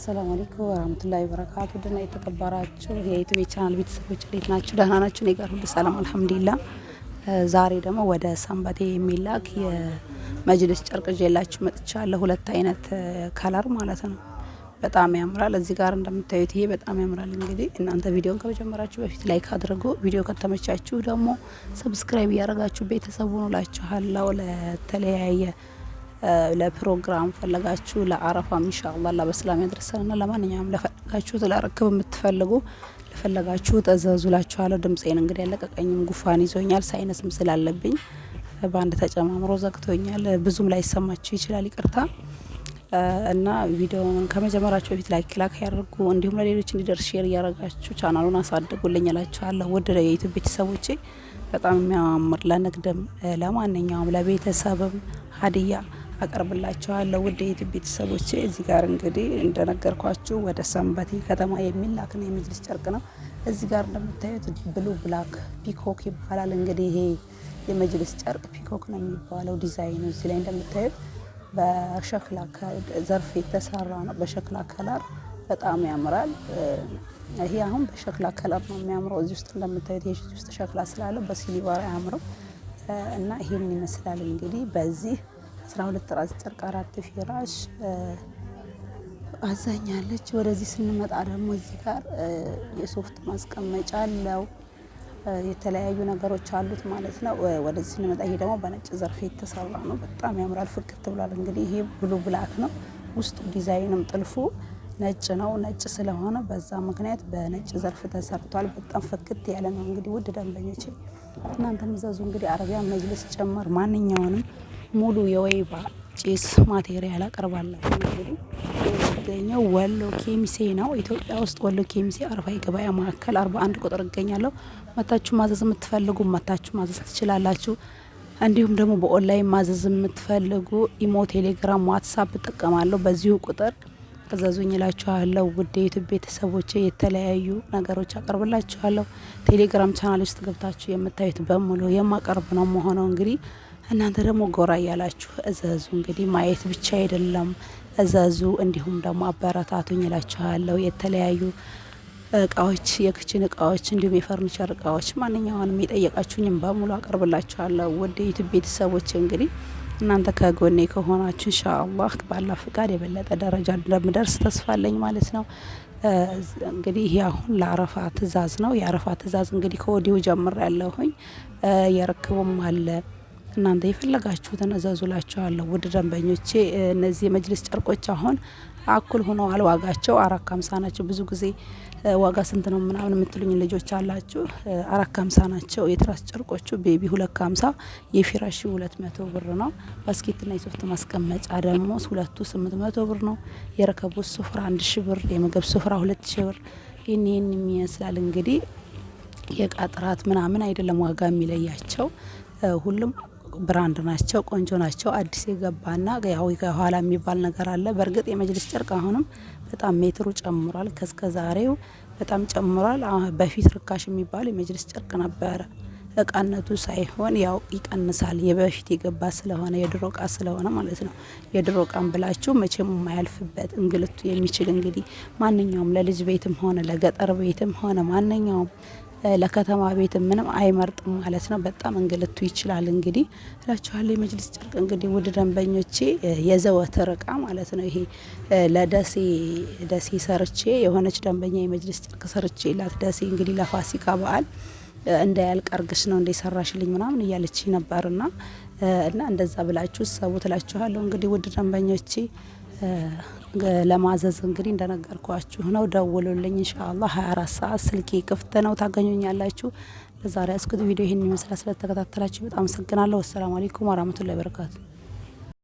አሰላሙ አለይኩም ወራህመቱላሂ ወበረካቱ። ደህና የተከበራችሁ የዩቲዩብ ቻናል ቤተሰቦች እንዴት ናችሁ? ደህና ናችሁ? እኔ ጋር ሁሉ ሰላም አልሐምዱሊላህ። ዛሬ ደግሞ ወደ ሰንበቴ የሚላክ የመጅልስ ጨርቅ ይዤላችሁ መጥቻለሁ። ሁለት አይነት ከለር ማለት ነው። በጣም ያምራል። እዚህ ጋር እንደምታዩት ይሄ በጣም ያምራል። እንግዲህ እናንተ ቪዲዮን ከመጀመራችሁ በፊት ላይክ አድርጉ። ቪዲዮ ከተመቻችሁ ደግሞ ሰብስክራይብ እያደረጋችሁ ቤተሰቡ ነው ለተለያየ ለፕሮግራም ፈለጋችሁ ለአረፋም ኢንሻአላህ አላህ በሰላም ለማንኛውም ለፈለጋችሁት ለርክብ የምትፈልጉ ለፈለጋችሁ ተዘዙላችኋለሁ። ድምጼን እንግዲህ ያለቀቀኝም ጉፋን ይዞኛል፣ ሳይነስም ስላለብኝ በአንድ ተጨማምሮ ዘግቶኛል። ብዙም ላይ ሰማችሁ ይችላል፣ ይቅርታ እና ቪዲዮውን ከመጀመራችሁ በፊት ላይክ ላክ ያደርጉ፣ እንዲሁም ለሌሎች እንዲደርስ ሼር እያደረጋችሁ ቻናሉን አሳድጉልኝ እላችኋለሁ። ውድ የዩቱብ ቤተሰቦቼ በጣም የሚያማምር ለንግድም ለማንኛውም ለቤተሰብም ሀዲያ አቀርብላችኋለሁ ውድ የዩቲዩብ ቤተሰቦቼ። እዚህ ጋር እንግዲህ እንደነገርኳችሁ ወደ ሰንበቴ ከተማ የሚላክ ነው የሚልስ ጨርቅ ነው። እዚህ ጋር እንደምታዩት ብሉ ብላክ ፒኮክ ይባላል። እንግዲህ ይሄ የመጅልስ ጨርቅ ፒኮክ ነው የሚባለው። ዲዛይኑ እዚህ ላይ እንደምታዩት በሸክላ ዘርፍ የተሰራ ነው። በሸክላ ከለር በጣም ያምራል። ይሄ አሁን በሸክላ ከለር ነው የሚያምረው። እዚህ ውስጥ እንደምታዩት ይሄ ውስጥ ሸክላ ስላለው በሲልቨር አያምርም እና ይሄን ይመስላል እንግዲህ በዚህ አስራ ሁለት ራስ ጨርቅ አራት ፊራሽ አዛኛለች። ወደዚህ ስንመጣ ደግሞ እዚህ ጋር የሶፍት ማስቀመጫ አለው። የተለያዩ ነገሮች አሉት ማለት ነው። ወደዚህ ስንመጣ ይሄ ደግሞ በነጭ ዘርፍ የተሰራ ነው። በጣም ያምራል፣ ፍክት ብሏል። እንግዲህ ይሄ ብሉ ብላክ ነው። ውስጡ ዲዛይንም ጥልፉ ነጭ ነው። ነጭ ስለሆነ በዛ ምክንያት በነጭ ዘርፍ ተሰርቷል። በጣም ፍክት ያለ ነው። እንግዲህ ውድ ደንበኞች እናንተ ምዘዙ። እንግዲህ አረቢያን መጅልስ ጭምር ማንኛውንም ሙሉ የወይባ ጭስ ማቴሪያል አቀርባለሁ። የሚገኘው ወሎ ኬሚሴ ነው። ኢትዮጵያ ውስጥ ወሎ ኬሚሴ አርፋ የገበያ ማዕከል አርባ አንድ ቁጥር እገኛለሁ። መታችሁ ማዘዝ የምትፈልጉ መታችሁ ማዘዝ ትችላላችሁ። እንዲሁም ደግሞ በኦንላይን ማዘዝ የምትፈልጉ ኢሞ፣ ቴሌግራም፣ ዋትሳፕ እጠቀማለሁ። በዚሁ ቁጥር እዘዙኝ እላችኋለሁ። ውድ የዩቱብ ቤተሰቦች የተለያዩ ነገሮች አቀርብላችኋለሁ። ቴሌግራም ቻናል ውስጥ ገብታችሁ የምታዩት በሙሉ የማቀርብ ነው መሆነው እንግዲህ እናንተ ደግሞ ጎራ እያላችሁ እዘዙ። እንግዲህ ማየት ብቻ አይደለም እዘዙ፣ እንዲሁም ደግሞ አበረታቱኝ እላችኋለሁ። የተለያዩ እቃዎች፣ የክችን እቃዎች እንዲሁም የፈርኒቸር እቃዎች ማንኛውንም የጠየቃችሁኝም በሙሉ አቀርብላችኋለሁ። ወደ ዩቱብ ቤተሰቦች እንግዲህ እናንተ ከጎኔ ከሆናችሁ እንሻአላህ ባላ ፍቃድ የበለጠ ደረጃ እንደምደርስ ተስፋለኝ ማለት ነው። እንግዲህ ይህ አሁን ለአረፋ ትእዛዝ ነው። የአረፋ ትእዛዝ እንግዲህ ከወዲሁ ጀምር ያለሁኝ የርክቡም አለ እናንተ የፈለጋችሁትን እዘዙ ላችኋለሁ። ውድ ደንበኞቼ እነዚህ የመጅልስ ጨርቆች አሁን አኩል ሆነዋል። ዋጋቸው አራት ከሀምሳ ናቸው። ብዙ ጊዜ ዋጋ ስንት ነው ምናምን የምትሉኝ ልጆች አላችሁ። አራት ከሀምሳ ናቸው። የትራስ ጨርቆቹ ቤቢ ሁለት ከሀምሳ የፊራሽ ሁለት መቶ ብር ነው። ባስኬትና የሶፍት ማስቀመጫ ደግሞ ሁለቱ ስምንት መቶ ብር ነው። የረከቦት ስፍራ አንድ ሺ ብር፣ የምግብ ስፍራ ሁለት ሺ ብር። ይህን ይህን የሚመስላል እንግዲህ የእቃ ጥራት ምናምን አይደለም ዋጋ የሚለያቸው ሁሉም ብራንድ ናቸው፣ ቆንጆ ናቸው። አዲስ የገባና ያው ከኋላ የሚባል ነገር አለ። በእርግጥ የመጅልስ ጨርቅ አሁንም በጣም ሜትሩ ጨምሯል፣ ከስከ ዛሬው በጣም ጨምሯል። በፊት ርካሽ የሚባል የመጅልስ ጨርቅ ነበረ። እቃነቱ ሳይሆን ያው ይቀንሳል፣ የበፊት የገባ ስለሆነ የድሮ እቃ ስለሆነ ማለት ነው። የድሮ እቃም ብላችሁ መቼም የማያልፍበት እንግልቱ የሚችል እንግዲህ ማንኛውም ለልጅ ቤትም ሆነ ለገጠር ቤትም ሆነ ማንኛውም ለከተማ ቤት ምንም አይመርጥም ማለት ነው። በጣም እንግልቱ ይችላል። እንግዲህ እላችኋለሁ የመጅልስ ጨርቅ እንግዲህ ውድ ደንበኞቼ የዘወትር እቃ ማለት ነው። ይሄ ለደሴ ደሴ ሰርቼ የሆነች ደንበኛ የመጅልስ ጨርቅ ሰርቼ ላት ደሴ እንግዲህ ለፋሲካ በዓል እንዳያልቅ አርግሽ ነው እንደ ሰራሽልኝ ምናምን እያለች ነበርና እና እንደዛ ብላችሁ ሰቡ ትላችኋለሁ እንግዲህ ውድ ደንበኞቼ ለማዘዝ እንግዲህ እንደነገርኳችሁ ነው። ደውሉልኝ። ኢንሻአላህ 24 ሰዓት ስልኬ ክፍት ነው፣ ታገኙኛላችሁ። ለዛሬ አስኩት ቪዲዮ ይህን ይመስላል። ስለተከታተላችሁ በጣም አመሰግናለሁ። አሰላሙ አለይኩም ወራህመቱላሂ ወበረካቱ